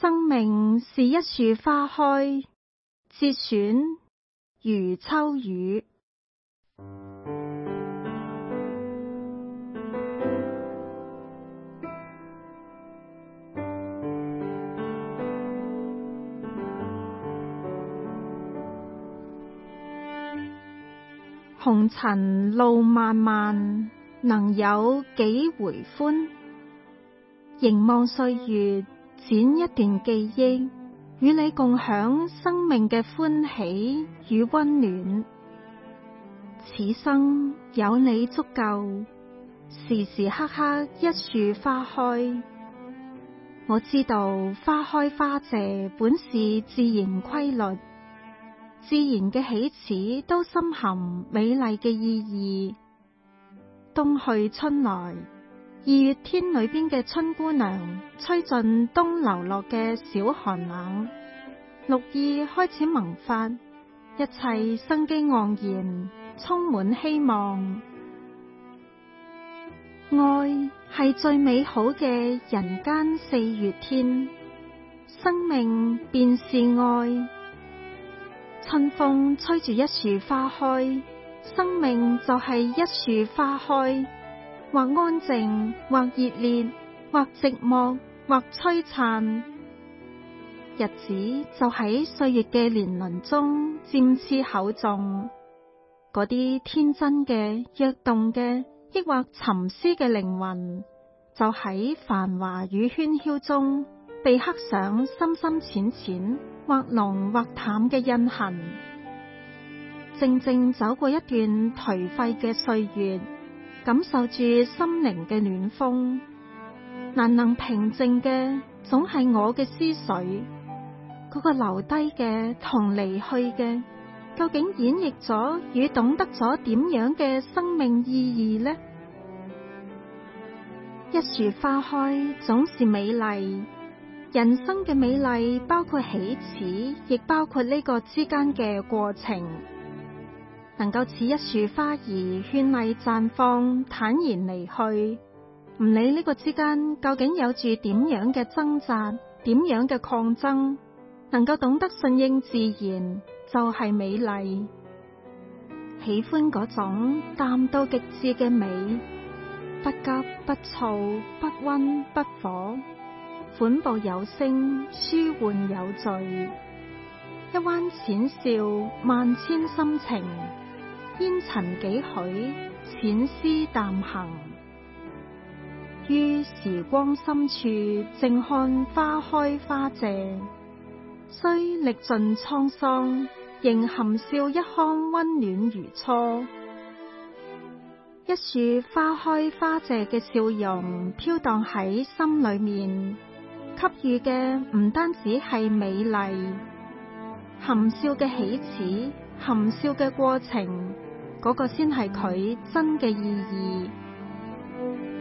生命是一樹花開，節選余秋雨。紅塵路漫漫，能有幾回歡？凝望歲月。剪一段記憶，與你共享生命嘅歡喜與溫暖。此生有你足夠，時時刻刻一樹花開。我知道花開花謝本是自然規律，自然嘅喜事都深含美麗嘅意義。冬去春來。二月天裏邊嘅春姑娘，吹盡冬流落嘅小寒冷，綠意開始萌發，一切生機盎然，充滿希望。愛係最美好嘅人間四月天，生命便是愛。春風吹住一樹花開，生命就係一樹花開。或安靜，或熱烈，或寂寞，或璀璨，日子就喺歲月嘅年輪中漸次厚重。嗰啲天真嘅、躍動嘅，抑或沉思嘅靈魂，就喺繁華與喧囂中，被刻上深深淺淺、或濃或淡嘅印痕。靜靜走過一段頹廢嘅歲月。感受住心靈嘅暖風，難能平靜嘅總係我嘅思緒。嗰個留低嘅同離去嘅，究竟演繹咗與懂得咗點樣嘅生命意義呢？一樹花開總是美麗，人生嘅美麗包括起始，亦包括呢個之間嘅過程。能夠似一樹花兒絢麗綻放，坦然離去，唔理呢個之間究竟有住點樣嘅掙扎，點樣嘅抗爭，能夠懂得順應自然就係美麗。喜歡嗰種淡到極致嘅美，不急不躁，不溫不火，款步有聲，舒緩有序。一彎淺笑，萬千心情。煙塵幾許，淺思淡行。於時光深處，正看花開花謝。雖歷盡滄桑，仍含笑一腔溫暖如初。一樹花開花謝嘅笑容飄蕩喺心裏面，給予嘅唔單止係美麗，含笑嘅起始，含笑嘅過程。嗰個先係佢真嘅意義，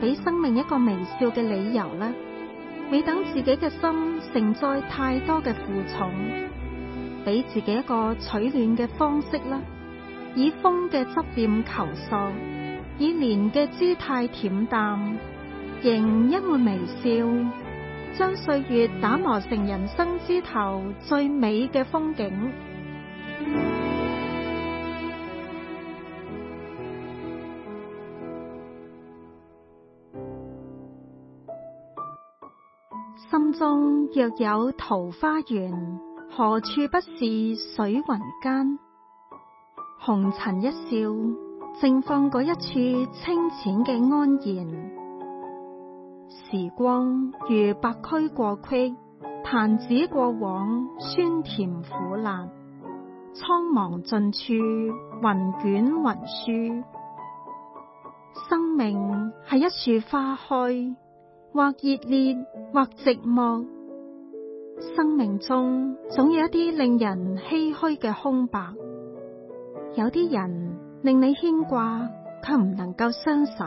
俾生命一個微笑嘅理由啦。每等自己嘅心承載太多嘅負重，俾自己一個取暖嘅方式啦。以風嘅執念求索，以年嘅姿態恬淡，仍一抹微笑，將歲月打磨成人生枝頭最美嘅風景。心中若有桃花源，何處不是水雲間？紅塵一笑，正放過一處清淺嘅安然。時光如白駒過隙，彈指過往，酸甜苦辣，蒼茫盡處，雲捲雲舒。生命係一樹花開。或熱烈，或寂寞，生命中總有一啲令人唏噓嘅空白。有啲人令你牽掛，卻唔能夠相守；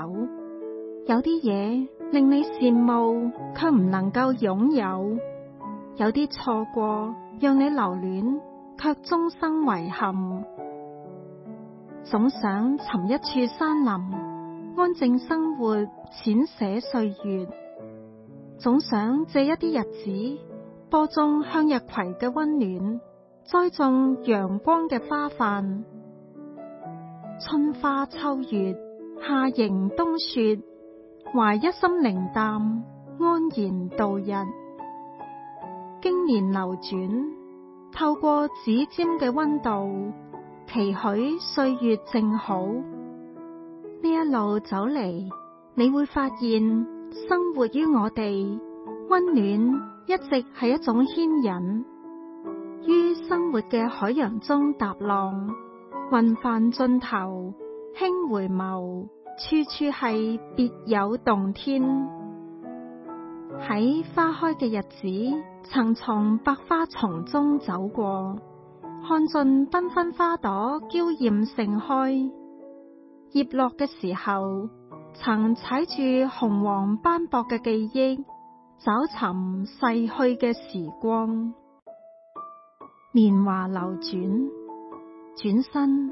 有啲嘢令你羨慕，卻唔能夠擁有；有啲錯過，讓你留戀，卻終生遺憾。總想尋一處山林，安靜生活，淺寫歲月。總想借一啲日子，播種向日葵嘅溫暖，栽種陽光嘅花瓣。春花秋月，夏螢冬雪，懷一心靈淡，安然度日。經年流轉，透過指尖嘅溫度，期許歲月正好。呢一路走嚟，你會發現。生活於我哋，溫暖一直係一種牽引。於生活嘅海洋中踏浪，雲帆盡頭，輕回眸，處處係別有洞天。喺花開嘅日子，曾從百花叢中走過，看盡繽紛花朵嬌艷盛開。葉落嘅時候。曾踩住紅黃斑駁嘅記憶，找尋逝去嘅時光。年華流轉，轉身，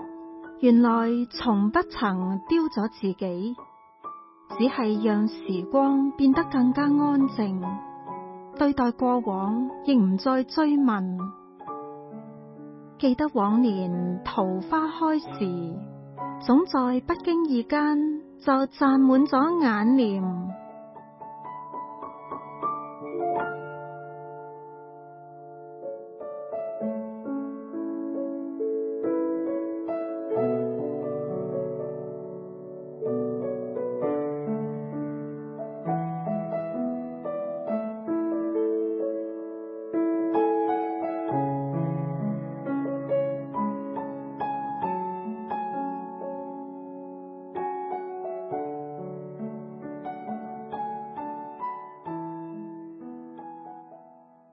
原來從不曾丟咗自己，只係讓時光變得更加安靜。對待過往，亦唔再追問。記得往年桃花開時，總在不經意間。就站滿咗眼簾。